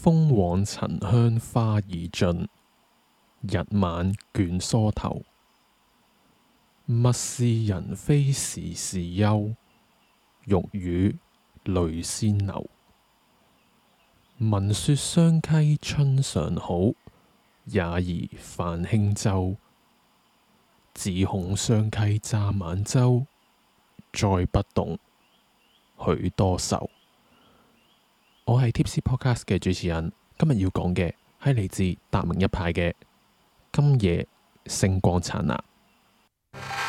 風往塵香花已盡，日晚倦梳頭。物是人非事事休，欲語淚先流。聞說雙溪春尚好，也疑泛輕舟。自恐雙溪乍晚舟，載不動許多愁。我係 Tipsy Podcast 嘅主持人，今日要講嘅係嚟自達明一派嘅今夜星光燦爛。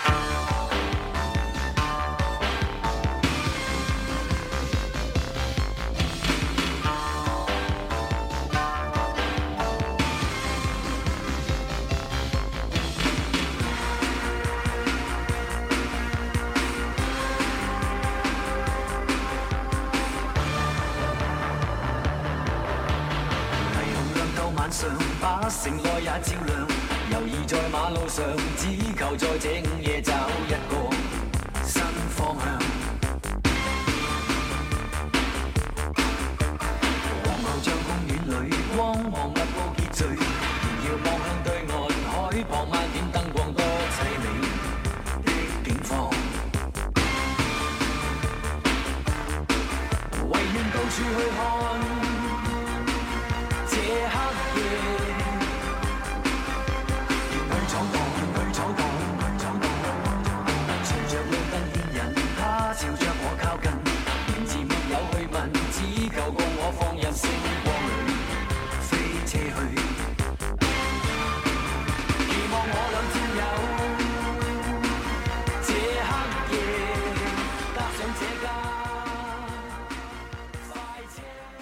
也照亮，猶豫在馬路上，只求在這午夜。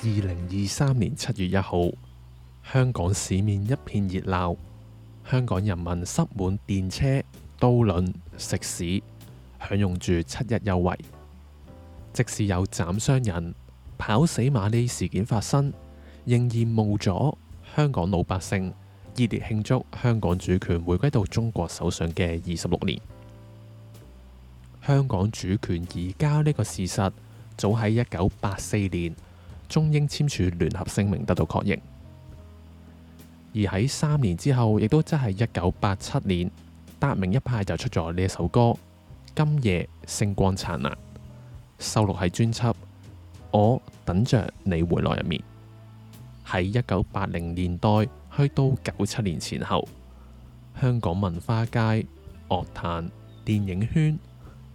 二零二三年七月一號，香港市面一片熱鬧，香港人民塞滿電車、渡輪、食肆，享用住七日優惠。即使有斬傷人、跑死馬呢事件發生，仍然無阻香港老百姓熱烈慶祝香港主權回歸到中國手上嘅二十六年。香港主權移交呢個事實，早喺一九八四年，中英簽署聯合聲明得到確認，而喺三年之後，亦都即係一九八七年，達明一派就出咗呢首歌《今夜星光燦爛》，收錄喺專輯《我等着你回來》入面。喺一九八零年代，去到九七年前後，香港文化界、樂壇、電影圈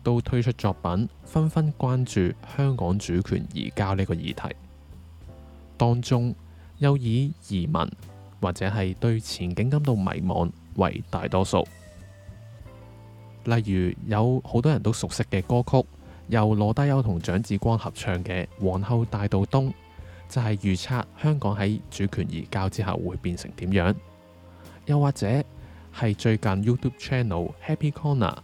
都推出作品，紛紛關注香港主權移交呢個議題。當中又以移民或者係對前景感到迷茫為大多數。例如有好多人都熟悉嘅歌曲，由羅大佑同蔣志光合唱嘅《皇后大道東》，就係預測香港喺主權移交之後會變成點樣。又或者係最近 YouTube Channel Happy Corner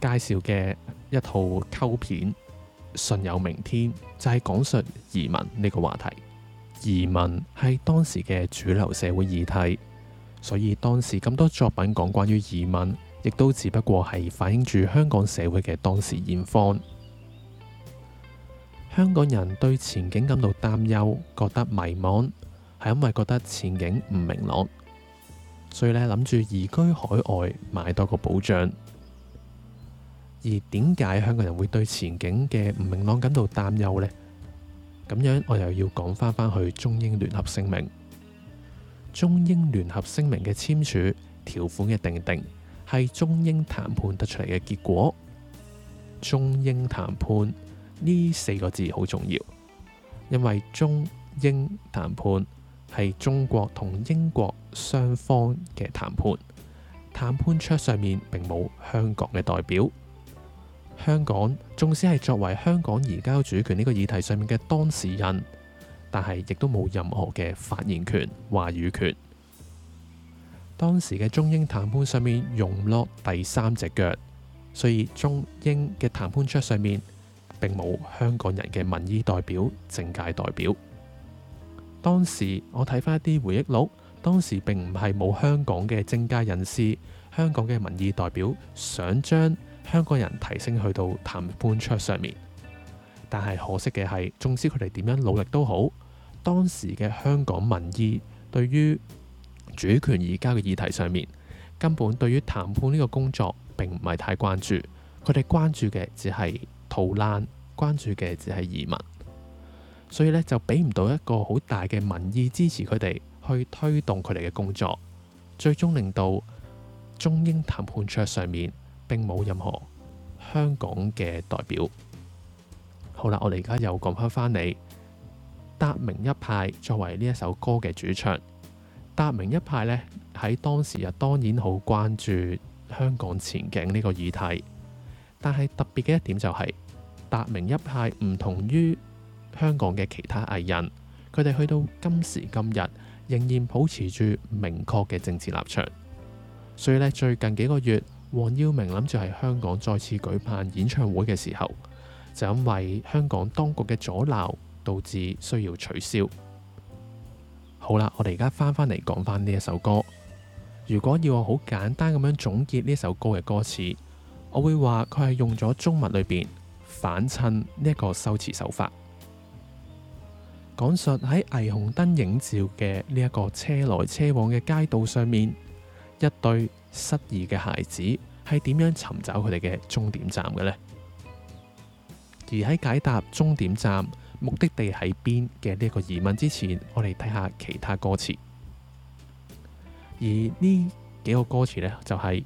介紹嘅一套紀錄片《信有明天》，就係、是、講述移民呢個話題。移民係當時嘅主流社會議題，所以當時咁多作品講關於移民，亦都只不過係反映住香港社會嘅當時現況。香港人對前景感到擔憂，覺得迷茫，係因為覺得前景唔明朗，所以呢諗住移居海外買多個保障。而點解香港人會對前景嘅唔明朗感到擔憂呢？咁樣我又要講翻翻去中英聯合聲明，中英聯合聲明嘅簽署條款嘅訂定係中英談判得出嚟嘅結果。中英談判呢四個字好重要，因為中英談判係中國同英國雙方嘅談判，談判桌上面並冇香港嘅代表。香港，縱使係作為香港移交主權呢個議題上面嘅當事人，但係亦都冇任何嘅發言權、話語權。當時嘅中英談判上面容唔落第三隻腳，所以中英嘅談判桌上面並冇香港人嘅民意代表、政界代表。當時我睇翻一啲回憶錄，當時並唔係冇香港嘅政界人士，香港嘅民意代表想將，香港人提升去到談判桌上面，但係可惜嘅係縱使佢哋點樣努力都好，當時嘅香港民意對於主權移交嘅議題上面，根本對於談判呢個工作並唔係太關注。佢哋關注嘅只係逃難，關注嘅只係移民，所以咧就俾唔到一個好大嘅民意支持佢哋去推動佢哋嘅工作，最終令到中英談判桌上面。並冇任何香港嘅代表。好啦，我哋而家又講返返你達明一派作為呢一首歌嘅主唱，達明一派呢喺當時又當然好關注香港前景呢個議題。但係特別嘅一點就係，達明一派唔同於香港嘅其他藝人，佢哋去到今時今日仍然保持住明確嘅政治立場。所以呢，最近幾個月。黃耀明諗住喺香港再次舉辦演唱會嘅時候，就因為香港當局嘅阻撓，導致需要取消。好啦，我哋而家返返嚟講返呢一首歌。如果要我好簡單咁樣總結呢首歌嘅歌詞，我會話佢係用咗中文裏邊反襯呢一個修辭手法，講述喺霓虹燈映照嘅呢一個車來車往嘅街道上面，一對。失意嘅孩子係點樣尋找佢哋嘅終點站嘅呢？而喺解答終點站目的地喺邊嘅呢個疑問之前，我哋睇下其他歌詞。而呢幾個歌詞呢，就係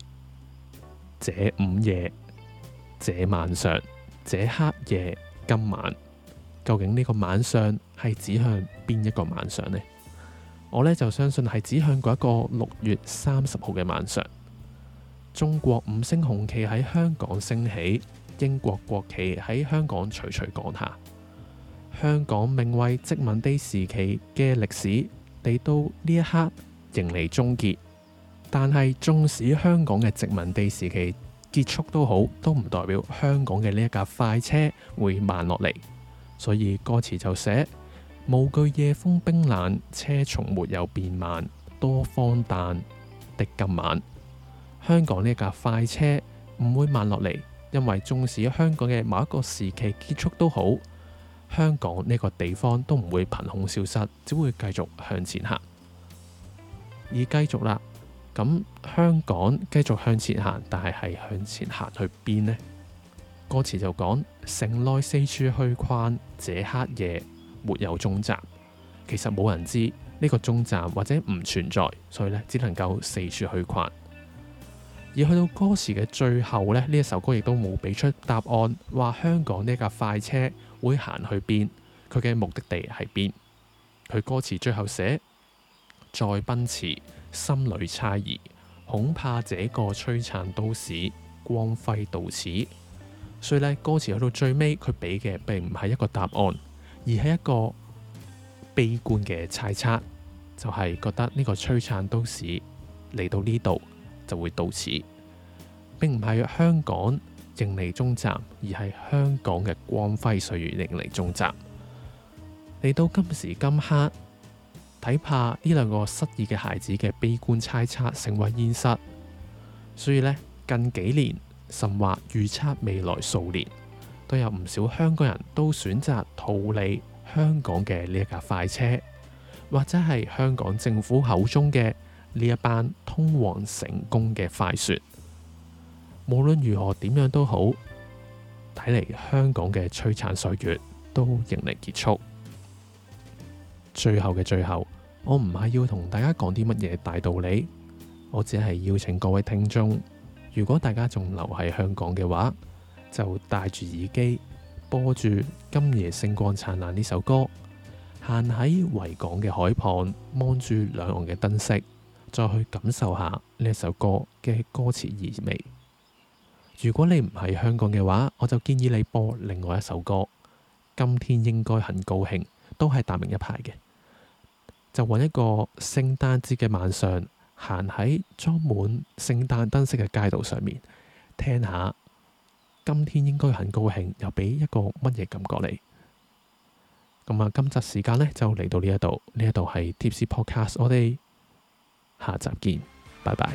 這午夜、這晚上、這黑夜、今晚。究竟呢個晚上係指向邊一個晚上呢？我呢就相信係指向嗰一個六月三十號嘅晚上，中國五星紅旗喺香港升起，英國國旗喺香港徐徐降下，香港命為殖民地時期嘅歷史，地到呢一刻迎嚟終結。但係縱使香港嘅殖民地時期結束都好，都唔代表香港嘅呢一架快車會慢落嚟，所以歌詞就寫。無懼夜風冰冷，車從沒有變慢，多荒誕的今晚。香港呢架快車唔會慢落嚟，因為縱使香港嘅某一個時期結束都好，香港呢個地方都唔會憑空消失，只會繼續向前行。而繼續啦，咁香港繼續向前行，但係係向前行去邊呢？歌詞就講城內四處虛曠，這黑夜。沒有終站，其實冇人知呢個終站或者唔存在，所以呢，只能夠四處去逛。而去到歌詞嘅最後呢，呢一首歌亦都冇俾出答案，話香港呢架快車會行去邊，佢嘅目的地係邊？佢歌詞最後寫再奔馳，心裏猜疑，恐怕這個璀璨都市光輝到此。所以呢，歌詞去到最尾，佢俾嘅並唔係一個答案。而係一個悲觀嘅猜測，就係、是、覺得呢個璀璨都市嚟到呢度就會到此，並唔係香港迎嚟終站，而係香港嘅光輝歲月迎嚟終站。嚟到今時今刻，睇怕呢兩個失意嘅孩子嘅悲觀猜測成為現實，所以呢，近幾年甚至話預測未來數年。都有唔少香港人都選擇逃離香港嘅呢一架快車，或者係香港政府口中嘅呢一班通往成功嘅快船。無論如何點樣都好，睇嚟香港嘅璀璨歲月都迎嚟結束。最後嘅最後，我唔係要同大家講啲乜嘢大道理，我只係邀請各位聽眾，如果大家仲留喺香港嘅話。就戴住耳機播住《今夜星光燦爛》呢首歌，行喺維港嘅海旁，望住兩岸嘅燈飾，再去感受下呢首歌嘅歌詞意味。如果你唔係香港嘅話，我就建議你播另外一首歌《今天應該很高興》，都係達明一派嘅。就揾一個聖誕節嘅晚上，行喺裝滿聖誕燈飾嘅街道上面，聽下。今天應該很高興，又俾一個乜嘢感覺嚟？咁啊，今集時間呢就嚟到呢一度，呢一度係 Tipsy Podcast，我哋下集見，拜拜。